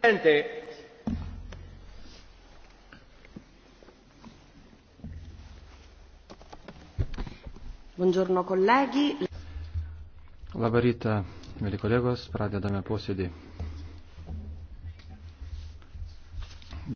presidente Buongiorno colleghi. Labą rytą, mėly kolegos, pradedame posėdį.